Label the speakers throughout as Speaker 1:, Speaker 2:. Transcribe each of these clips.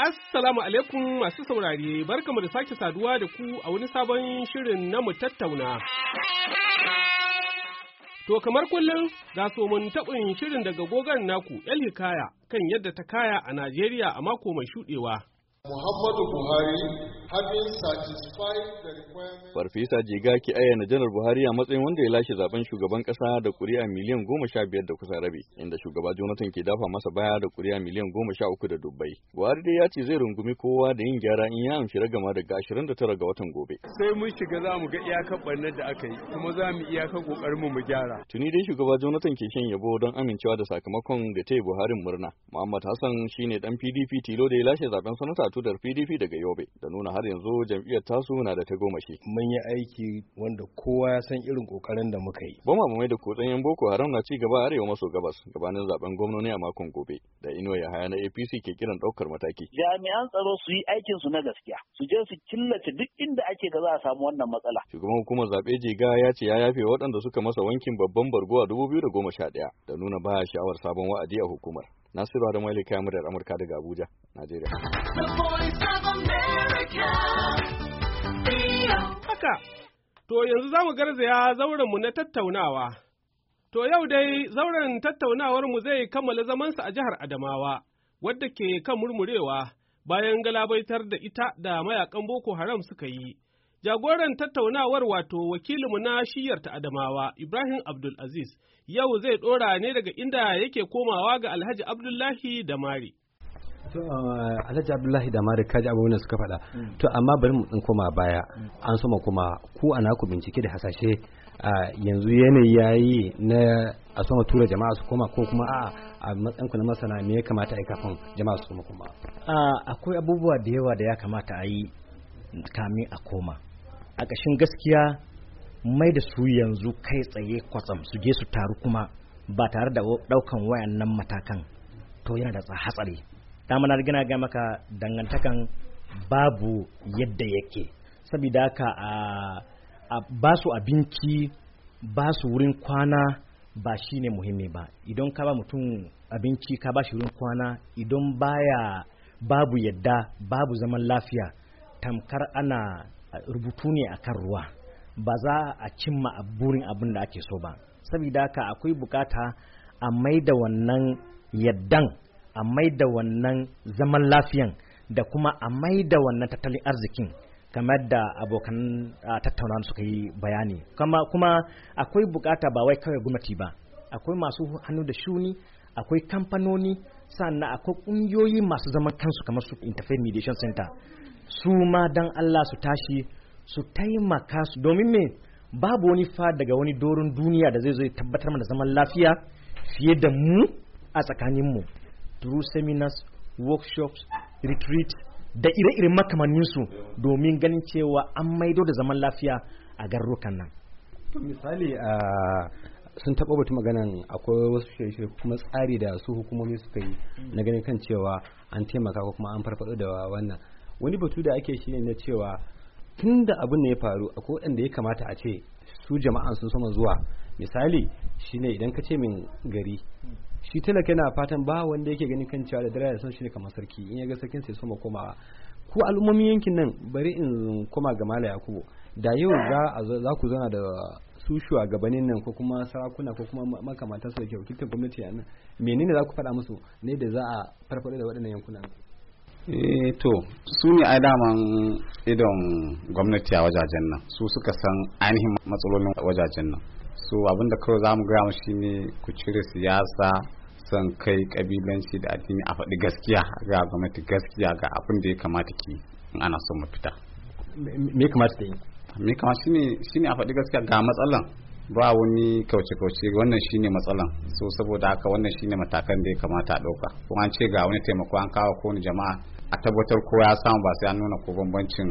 Speaker 1: Assalamu alaikum masu saurare, mu da sake saduwa da ku a wani sabon shirin na mu tattauna. To kamar kullum ga mun taɓin shirin daga gogon naku El Hikaya kan yadda ta kaya a Najeriya a
Speaker 2: mako mai shuɗewa.
Speaker 1: Muhammadu Buhari
Speaker 2: Farfesa Jiga ke ayyana Janar Buhari a matsayin wanda ya lashe zaben shugaban kasa da kuri'a miliyan goma sha biyar da kusa rabi, inda shugaba Jonathan ke dafa masa baya da kuri'a miliyan goma sha uku da dubbai. Buhari dai ya ce zai rungumi kowa da yin gyara in ya amshi ragama daga ashirin da tara ga watan gobe. Sai mun
Speaker 1: shiga za mu ga iyakar ɓarnar da aka yi, kuma za mu iyakar ƙoƙarinmu mu gyara.
Speaker 2: Tuni dai shugaba Jonathan ke shan yabo don amincewa da sakamakon da ta yi Buhari murna. Muhammad Hassan shine dan PDP tilo da ya lashe zaben sanata tudar PDP daga Yobe da nuna har yanzu jam'iyyar tasu na da ta shi.
Speaker 3: Mun yi aiki wanda kowa ya san irin kokarin da muka yi.
Speaker 2: mu mai da yan Boko Haram na ci gaba arewa maso gabas gabanin zaben gwamnoni a makon gobe da Inuwa haya na APC ke kiran daukar mataki.
Speaker 4: Jami'an tsaro su yi aikin su na gaskiya su je su killace duk inda ake ga za a samu wannan matsala.
Speaker 2: Shugaban hukumar zaɓe jiga ya ce ya yafe waɗanda suka masa wankin babban bargo a 2011 da nuna baya sha'awar sabon wa'adi a hukumar. Nasiru Adam Wale kayan muryar Amurka daga Abuja, Najeriya.
Speaker 1: Haka, to yanzu za mu garzaya zaurenmu na tattaunawa. To yau dai zauren tattaunawarmu zai kammala zamansa a jihar Adamawa, wadda ke kan murmurewa bayan galabaitar da ita da mayakan Boko Haram suka yi. Jagoran tattaunawar wato wakilinmu na shiyar ta Adamawa Ibrahim Abdulaziz yau zai ɗora ne daga inda yake komawa ga Alhaji Abdullahi da Mari. To
Speaker 3: uh, Alhaji Abdullahi da Mari kaji abubuwan suka faɗa. Mm. To amma bari mu ɗin koma baya mm. an soma kuma ku a naku bincike da hasashe uh, yanzu yanayi yayi na a soma tura jama'a su koma ko kuma a matsayin ku na masana me ya kamata a yi kafin jama'a su koma.
Speaker 5: Uh, akwai abubuwa da yawa da ya kamata a yi kamin a koma. a ƙashin gaskiya mai da su yanzu kai tsaye kwatsam su je su taru kuma ba tare da ɗaukan wayan nan matakan to yana da hatsari ta na gina ga maka dangantakan babu yadda yake saboda ka a ba su abinci ba su wurin kwana ba shi ne muhimmi ba idan ka ba mutum abinci ka ba shi wurin kwana idan baya babu yadda babu zaman lafiya tamkar ana rubutu ne a kan ruwa ba za a cimma a burin abin da ake so ba saboda haka akwai bukata a mai da wannan yaddan a maida wannan zaman lafiyan da kuma a da wannan tattalin arzikin kamar da abokan tattaunawa suka yi bayani kuma kuma akwai bukata ba wai kawai gwamnati ba akwai masu hannu da shuni akwai kamfanoni sannan akwai kungiyoyi masu zaman kansu kamar su interfaith mediation center su ma dan Allah su tashi su taimaka su domin me babu wani fa daga wani doron duniya da zai zo tabbatar mana zaman lafiya fiye da mu a tsakaninmu through seminars workshops retreat da ire-iren makamanninsu domin ganin cewa an maido da zaman lafiya a garrukan nan
Speaker 3: misali a ah, sun taɓa batu maganan akwai wasu shirye kuma tsari da su hukumomi suka yi na ganin kan cewa an taimaka kuma an farfaɗo da wannan wani batu da ake shine na cewa tun da abin ya faru akwai waɗanda ya kamata a ce su jama'an sun sama zuwa misali shine idan ka ce min gari shi talaka yana fatan ba wanda yake ganin kan cewa da dare da son shi ne kamar sarki in ya ga sarkin sai soma komawa ko al'ummomin yankin nan bari in koma ga mala yakubu da yau za ku zauna da su shugabannin nan ko kuma sarakuna ko kuma makamata da ke wakiltar gwamnati nan menene za ku faɗa musu ne da za a farfaɗo da waɗannan yankunan
Speaker 1: eh
Speaker 6: to su ne a daman idon gwamnati a wajajen nan su suka san ainihin matsalolin wajajen nan so abinda kawai za mu gaya mu ne ku cire siyasa san kai kabilanci da addini a faɗi gaskiya ga gwamnati gaskiya ga abin da ya kamata ki ana son mafita
Speaker 3: me kamata ta yi me
Speaker 6: kama shi ne a faɗi gaskiya ga matsalan ba wani kauce-kauce wannan shine matsalan so saboda haka wannan shine matakan da ya kamata a ɗauka kuma an ce ga wani taimako an kawo ko wani jama'a a tabbatar ko ya samu ba sai an nuna ko bambancin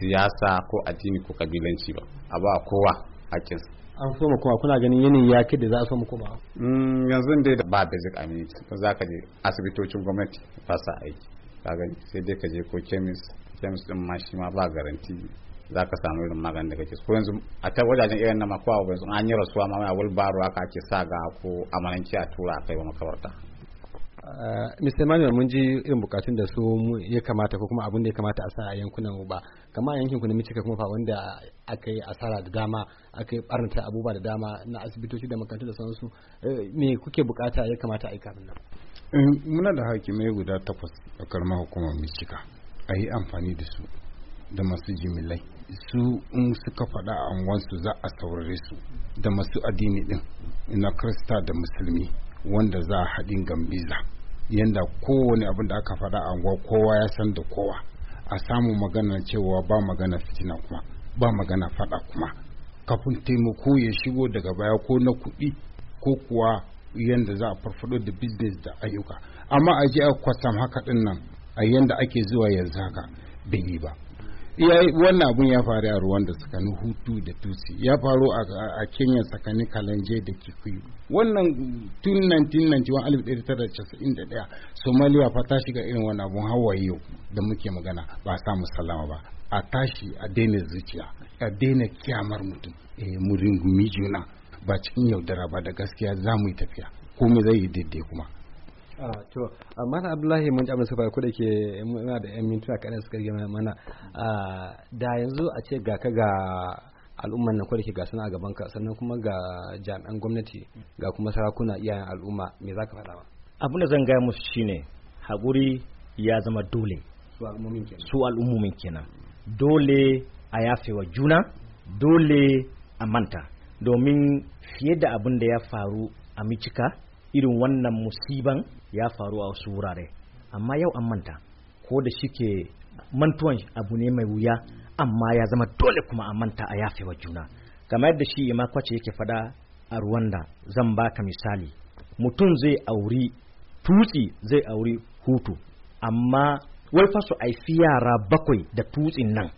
Speaker 6: siyasa ko addini ko kabilanci ba a ba kowa hakkin
Speaker 3: an so mu kuma kuna ganin yanayi ya da za a so mu kuma
Speaker 6: mm, yanzu dai ba basic amenity ba za ka je asibitocin gwamnati ba sa aiki ka gani sai dai ka je ko chemist chemist din ma shi ma ba garanti za ka samu irin maganin da ciki ko yanzu a ta wajajen irin na makwa ko yanzu an yi rasuwa ma wani wulbaro aka ake sa ga ko amalanci a tura kai ba makabarta
Speaker 3: uh, Mr. Emmanuel mun ji irin bukatun da su ya kamata ko kuma abin da ya kamata a sa a yankunan ba kama a yankin ku na Michigan kuma fa wanda aka yi asara da dama aka yi barnata abubuwa da dama na asibitoci da makarantu da sauransu eh, me kuke bukata ya kamata a yi kafin nan
Speaker 7: eh, muna da hakimai guda takwas a karamar hukumar Michigan a yi amfani da su da masu jimillai su in suka faɗa a wansu za a saurare su da masu addini din na krista da musulmi wanda za a haɗin gambiza yanda kowane abin da aka faɗa a anguwa kowa ya san da kowa a samu magana cewa ba magana fitina kuma ba magana faɗa kuma kafin taimako ya shigo daga baya ko na kuɗi ko kuwa yanda za a farfado da business da ayyuka amma a je a kwatam haka ɗin nan a yanda ake zuwa yanzu haka bai yi ba
Speaker 2: wannan
Speaker 7: abun ya faru a Rwanda tsakanin Hutu da Tutsi ya faru a Kenya tsakanin Kalanje da Kikuyu wannan tun 1991 Somalia fa ta shiga irin wannan abun hawaye yau da muke magana ba samu salama ba a tashi a daina zuciya a
Speaker 3: daina kyamar mutum
Speaker 7: eh mu rungumi juna ba cikin yaudara ba da gaskiya za mu yi
Speaker 3: tafiya komai zai yi daidai kuma Ah, to ah, mana abdullahi mun jami suka ko da ke muna da yan mintuna kaɗan suka rage mana ah, da yanzu a ce ga ka ga al'umman nan ko da ke ga suna a gaban ka sannan kuma ga jami'an gwamnati ga kuma
Speaker 5: sarakuna iyayen al'umma me za ka faɗa ma abin da zan gaya musu shine haƙuri ya zama dole su al'ummomin kenan dole a yafewa juna dole a manta domin fiye da abin da ya faru a micika irin wannan musiban ya faru a wasu wurare amma yau an manta ko da shi ke mantuwan abu ne mai wuya amma ya zama dole kuma a manta a yafe wa juna kamar yadda shi ya kwace yake fada a ruwanda zan baka misali mutum zai auri tutsi zai auri hutu amma wai fa su aifi yara bakwai da tutsin nan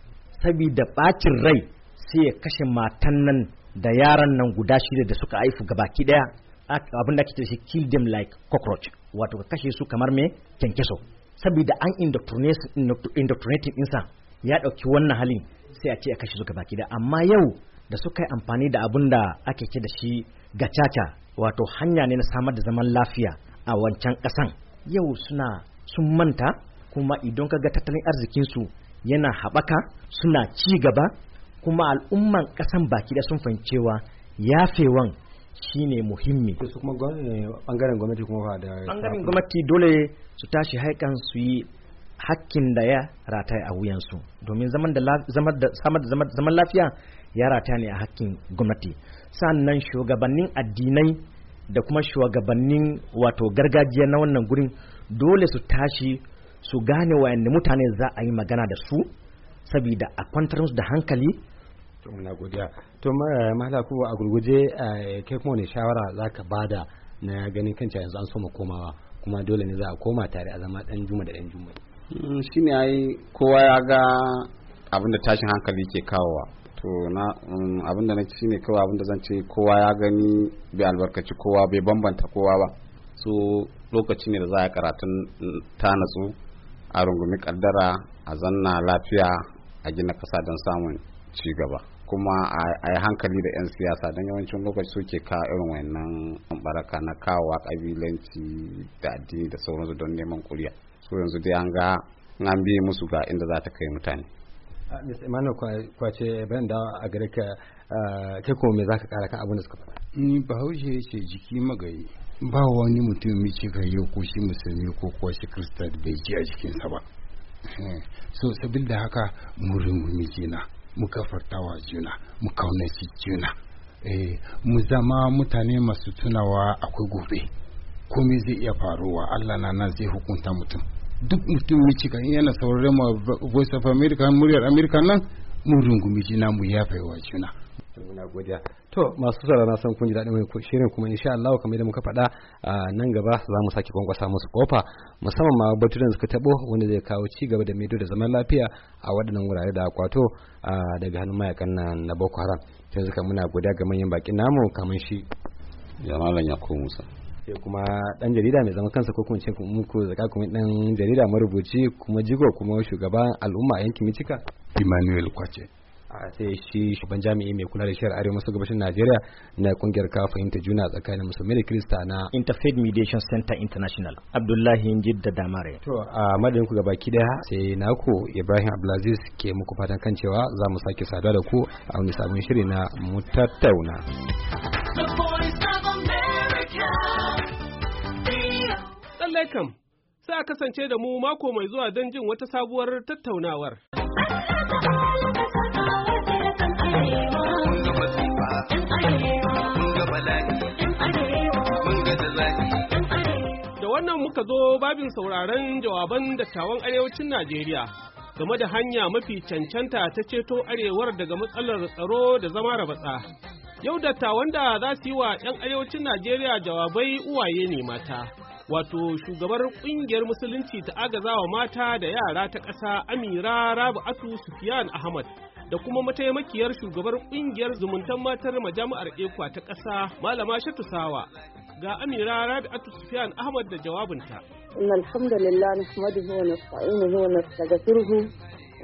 Speaker 5: saboda bacin rai sai ya kashe matan nan da yaran nan guda shida da suka haifu gabaki daya abin da ake ce shi kill them like cockroach wato ka kashe su kamar me kyankyaso saboda an indoctrinating insa ya dauki wannan halin sai a ce a kashe su gaba da amma yau da suka yi amfani da abin da ake ce da shi gacaca wato hanya ne na samar da zaman lafiya a wancan kasan yau suna sun manta kuma idan ka ga tattalin arzikinsu yana haɓaka suna ci gaba kuma al'umman kasan baki da sun fahimcewa yafewan shine muhimmi su eh, gwamnati kuma da bangaren gwamnati dole su tashi haikan su yi hakkin da ya rataya a wuyansu domin zaman da zaman lafiya ya rataya ne a hakkin gwamnati sannan shugabannin addinai da kuma shugabannin wato gargajiya na wannan gurin dole su tashi su gane wayanne mutane za a yi magana da su saboda a kwantar musu da hankali muna godiya to kuwa a gurguje eh, kai kuma ne shawara za zaka bada
Speaker 3: na ganin kanci yanzu an soma komawa kuma dole ne za a koma tare a zama dan juma da dan juma
Speaker 6: mm, ai kowa ya ga abin da tashin hankali ke kawowa to na mm, abin da na ci ne kawai abin da zan ce kowa ya gani bai albarkaci kowa bai bambanta kowa ba so lokaci ne da za a karatun mm, ta natsu a rungumi kaddara a zanna lafiya a gina kasa don samun ci gaba kuma a yi hankali da 'yan siyasa don yawancin lokaci suke ka irin wannan baraka na kawowa kabilanci da addini da sauransu don neman kuriya su yanzu dai an ga an biye musu ga inda za ta kai mutane
Speaker 3: ah, Emmanuel kwace bayan da a gare ka ah, ke za ka kara kan abin da suka faɗa. Ni bahaushe ce jiki magayi
Speaker 7: ba wani mutum mai ce yau ko shi musulmi ko kuwa shi kirista da bai
Speaker 3: ji a jikinsa
Speaker 7: ba. Eh, so sabil da haka murin miji na. mu gafartawa juna mu kaunaci juna eh mu zama mutane masu tunawa akwai gobe komai zai iya faruwa Allah na nan zai hukunta mutum duk mutum Michigan yana sauraron ma Voice of America muryar America nan mun rungumi juna mu wa juna
Speaker 3: muna godiya to masu saurara na san kun ji daɗin wani shirin kuma insha Allah kamar yadda muka faɗa a nan gaba za mu sake kwankwasa musu kofa musamman ma baturen suka tabo wanda zai kawo ci gaba da medo da zaman lafiya a waɗannan wurare da kwato daga hannun mayakan na Boko Haram sai suka muna godiya ga manyan bakin namu kamar shi Jamalan Yakubu Musa sai kuma dan jarida mai zaman kansa ko kuma ce muku zaka kuma dan jarida marubuci kuma jigo kuma shugaban al'umma yankin Michigan Emmanuel Kwache sai shi shugaban jami'i mai kula da shiyar arewa masu gabashin Najeriya na kungiyar ka fahimta juna tsakanin musulmi da Kirista
Speaker 5: na Interfaith Mediation Center International Abdullahi da Damare to
Speaker 3: a madadin ku baki daya sai naku Ibrahim Abdulaziz ke muku fatan kan cewa za mu sake saduwa da ku a
Speaker 1: wani sabon shiri na mu tattauna Lallai sai a kasance da mu mako mai zuwa don jin wata sabuwar tattaunawar. Da wannan muka zo babin sauraron jawaban dattawan arewacin Najeriya game da hanya mafi cancanta ta ceto arewar daga matsalar tsaro da zama rabatsa batsa. Yau dattawan da za su yi wa 'yan arewacin Najeriya jawabai uwaye ne mata. wato shugabar ƙungiyar musulunci ta agazawa mata da yara ta ƙasa amira rabu atu sufiyan ahmad da kuma mataimakiyar shugabar kungiyar zumuntan matar majami'ar ekwa ta ƙasa malama shatusawa ga amira rabi'atu sufyan ahmad da jawabinta
Speaker 8: إن الحمد لله نحمده ونستعينه ونستغفره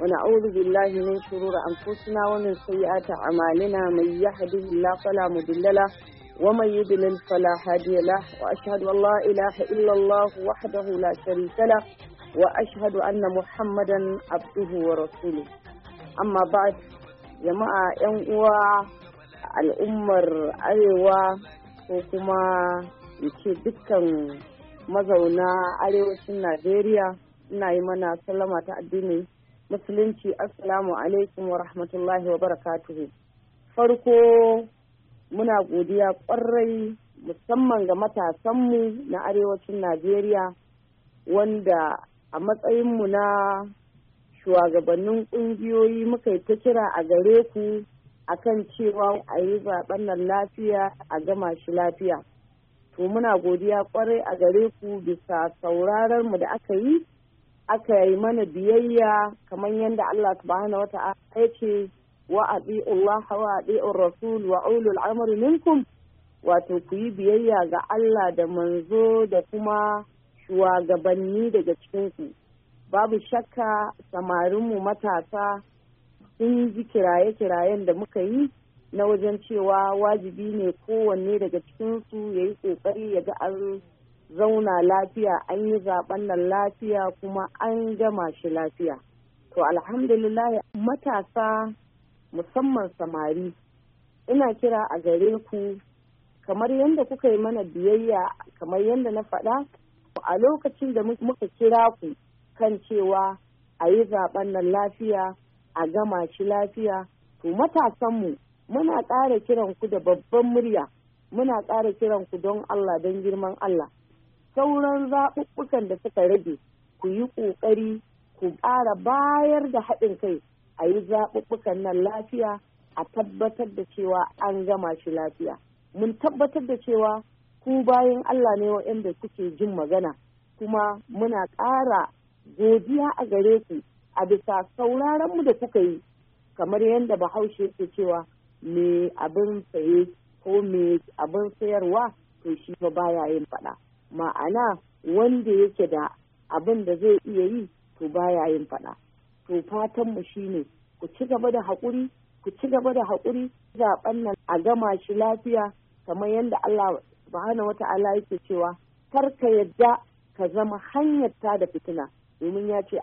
Speaker 8: ونعوذ بالله من شرور أنفسنا ومن سيئات أعمالنا من يهده الله فلا مضل له ومن يضلل فلا هادي له وأشهد أن لا إله إلا الله وحده لا شريك له وأشهد أن محمدا عبده ورسوله amma ba jama'a 'yan uwa al'ummar arewa ko kuma ce dukkan mazauna arewacin najeriya ina yi mana salama ta addini musulunci assalamu alaikum wa rahmatullahi wa barakatuhu farko muna godiya kwarai musamman ga matasanmu na arewacin najeriya wanda a matsayinmu na shugabannin kungiyoyi muka yi ta kira a gare ku a kan cewa a yi zaben nan lafiya a gama shi lafiya to muna godiya kwarai a gare ku bisa sauraron mu da aka yi aka yi mana biyayya kamar yadda Allah subhanahu wa ta'ala ya ce wa Allah wa adi'ur rasul wa ulul amri minkum wato ku yi biyayya ga Allah da manzo da kuma shugabanni daga cikin ku babu shakka samarinmu matasa sun ji kiraye-kirayen da muka yi na wajen cewa wajibi ne kowanne daga cikinsu ya yi ƙoƙari ya ga an zauna lafiya an yi zaɓen nan lafiya kuma an gama shi lafiya to alhamdulillah matasa musamman samari ina kira a gare ku kamar yadda kuka yi mana biyayya kamar yadda na faɗa a lokacin da muka kira ku kan cewa a yi zaben nan lafiya a gama shi lafiya to matasanmu muna ƙara kiran ku da babban murya muna ƙara kiran ku don Allah don girman Allah sauran zaɓuɓɓukan da suka rage ku yi ƙoƙari ku ƙara bayar da haɗin kai a yi zaɓuɓɓukan nan lafiya a tabbatar da cewa an gama shi lafiya mun tabbatar da cewa ku bayan Allah ne waɗanda kuke jin magana kuma muna ƙara godiya a gare ku a bisa sauraron mu da kuka yi kamar yadda bahaushe ke cewa me abin saye ko me abin sayarwa to shi ba baya yin faɗa ma'ana wanda yake da abin da zai iya yi to baya yin faɗa to fatan mu shine ku ci gaba da haƙuri ku ci gaba da haƙuri zaben nan a gama shi lafiya kamar yadda Allah subhanahu wata'ala yake cewa kar ka yadda ka zama hanyar ta da fitina domin ya ce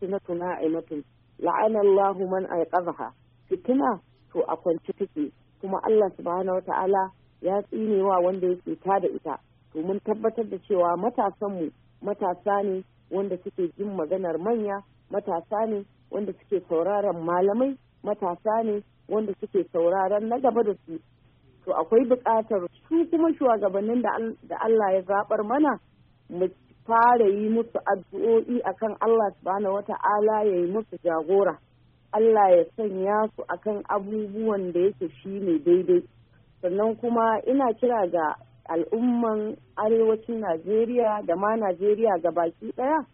Speaker 8: tuna na'imatun mutum la'anallahu man aiqadha fitina to a kwance take kuma Allah subhanahu wata'ala ya tsinewa wanda yake ta da ita domin tabbatar da cewa matasanmu matasa ne wanda suke jin maganar manya matasa ne wanda suke sauraron malamai matasa ne wanda suke sauraron na gaba da su to akwai bukatar su kuma shugabannin da Allah ya zaɓar mana mu fara yi musu addu'o'i akan Allah subhanahu wata'ala ya yi musu jagora Allah ya sanya su akan abubuwan da yake shi ne daidai sannan kuma ina kira ga al'umman arewacin Najeriya da ma Najeriya ga baki ɗaya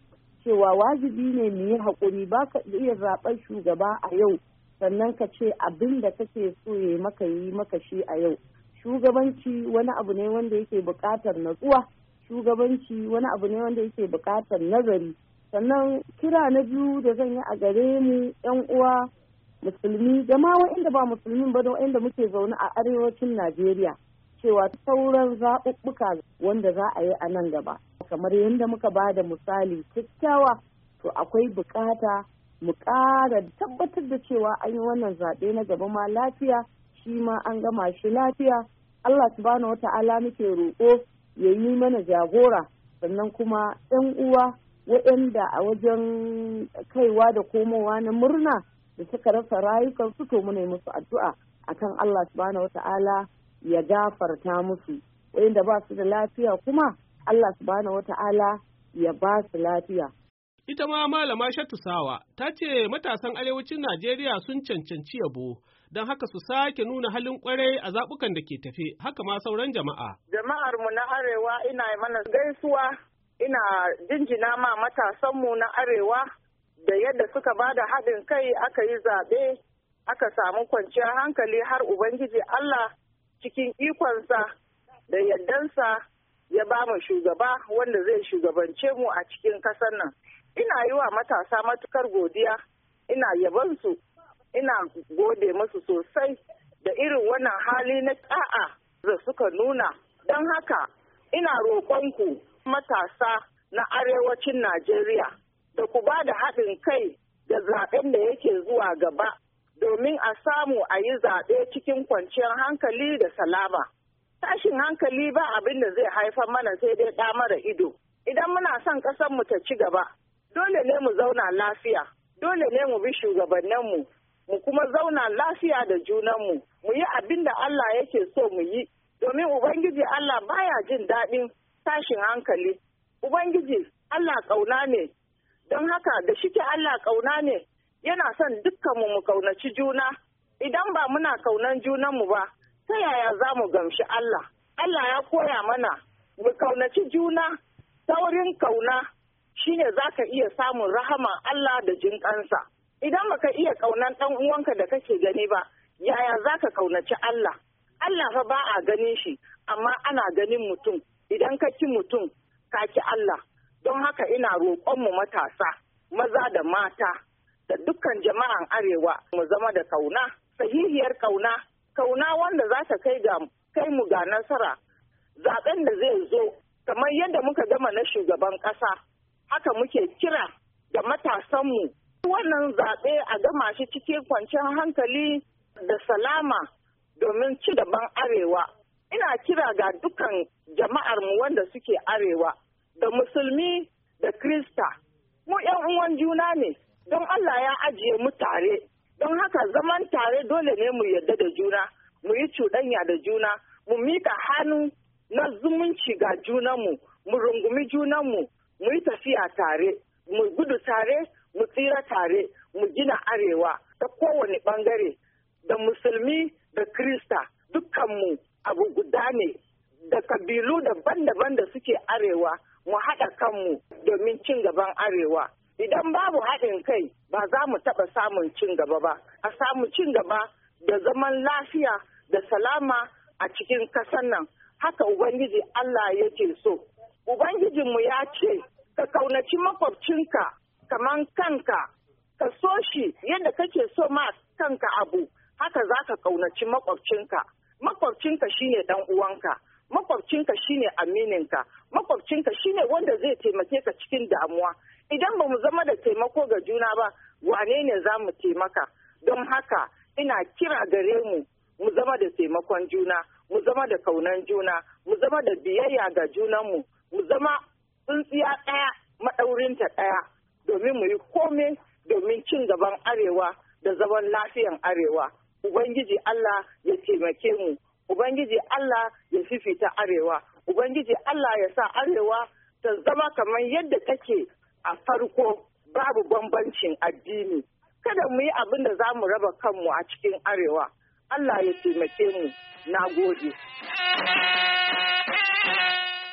Speaker 8: cewa wajibi ne mu yi haƙuri ba ka iya zaɓar shugaba a yau sannan ka ce abin da kake so ya maka yi maka shi a yau shugabanci wani abu ne wanda yake buƙatar natsuwa shugabanci wani abu ne wanda yake bukatar nazari sannan kira na biyu da zan yi a gare mu yan uwa musulmi da ma wa'inda ba musulmi ba da wa'inda muke zaune a arewacin najeriya cewa sauran zaɓuɓɓuka wanda za a yi a nan gaba kamar yadda muka ba da misali kyakkyawa to akwai bukata mu ƙara tabbatar da cewa an yi wannan zaɓe na gaba ma lafiya shi ma an gama shi lafiya allah subhanahu wata'ala muke roƙo ya yi mana jagora sannan kuma 'yan uwa waɗanda a wajen kaiwa da komowa na murna da suka rasa su to yi musu addu'a akan Allah subhanahu wata'ala ya gafarta musu waɗanda ba su da lafiya kuma Allah subhanahu wata'ala ya ba su lafiya.
Speaker 1: Ita ma malama Shatusawa ta ce matasan arewacin Najeriya sun cancanci yabo don haka su sake nuna halin kwarai a zabukan da ke tafe, haka ma sauran jama'a.
Speaker 4: Jama'ar mu na Arewa ina mana gaisuwa, ina jinjina ma matasanmu na Arewa da yadda suka ba da haɗin kai aka yi zaɓe, aka samu kwanciyar hankali har Ubangiji Allah cikin ikonsa da yaddansa ya ba mu shugaba wanda zai shugabance mu a cikin ƙasar nan. Ina yi wa matasa matukar godiya, ina yabansu ina gode masu sosai da irin wannan hali na ta'a da suka nuna don haka ina roƙonku matasa na arewacin najeriya da ku ba da haɗin kai da zaɓen da yake zuwa gaba domin a samu a yi zaɓe cikin kwanciyar hankali da salama tashin hankali ba abin da zai haifar mana sai dai ɗa mara ido idan muna son ƙasarmu ta ci gaba dole ne mu zauna lafiya dole ne mu bi shugabanninmu mu kuma zauna lafiya da junanmu mu yi abin da Allah yake so mu yi domin ubangiji Allah baya jin daɗin tashin hankali ubangiji Allah ƙauna ne don haka da shike Allah ƙauna ne yana son dukkanmu mu ƙaunaci juna idan ba muna ƙaunan junanmu ba ta yaya za mu gamshi Allah Allah ya koya mana mu ƙaunaci juna saurin ƙauna shine za ka iya samun rahama Allah da jinƙansa. idan baka iya kaunan ɗan uwanka da kake gani ba yaya zaka kaunaci Allah Allah fa ba a ganin shi amma ana ganin mutum idan ka ci mutum ka ci Allah don haka ina roƙon mu matasa maza da mata da dukkan jama'an arewa mu zama da kauna sahihiyar kauna kauna wanda za ta kai ga kai mu ga nasara zaben da zai zo kamar yadda muka gama na shugaban ƙasa haka muke kira da matasanmu Wannan zaɓe a gama shi cikin kwanciyar hankali da salama domin ci gaban arewa. Ina kira ga dukan jama'ar mu wanda suke arewa da musulmi da krista. Mu 'yan uwan juna ne, don Allah ya ajiye mu tare. Don haka zaman tare dole ne mu yarda da juna, mu yi cuɗanya da juna, mu mika hannu na zumunci ga junanmu, mu rungumi junanmu, mu yi tafiya tare, mu gudu tare, mu tsira tare mu gina arewa ta kowane bangare da musulmi da krista dukkanmu abu guda ne da kabilu daban-daban da suke arewa mu haɗa kanmu domin cin gaban arewa idan babu haɗin kai ba za mu taɓa samun cin gaba ba a samu cin gaba da zaman lafiya da salama a cikin kasan nan haka ubangiji Allah yake so ubangijinmu ya ce ka kaunaci makwabcinka kamar kanka ka so shi yadda kake so ma kanka abu haka za ka kaunaci makwabcinka makwabcinka shine dan uwanka makwabcinka shine amininka makwabcinka shine wanda zai taimake ka cikin damuwa idan ba mu zama da taimako ga juna ba wane ne za mu taimaka don haka ina kira gare mu mu zama da taimakon juna mu zama da kaunan juna mu zama da biyayya ga junanmu mu zama tsintsiya ɗaya maɗaurinta ɗaya domin mu yi kome domin cin gaban arewa da zaman lafiyan arewa ubangiji Allah ya taimake mu ubangiji Allah ya fifita arewa ubangiji Allah ya sa arewa ta zama kamar yadda take a farko babu bambancin addini kada mu yi abin da za mu raba kanmu a cikin arewa Allah ya taimake mu na gode.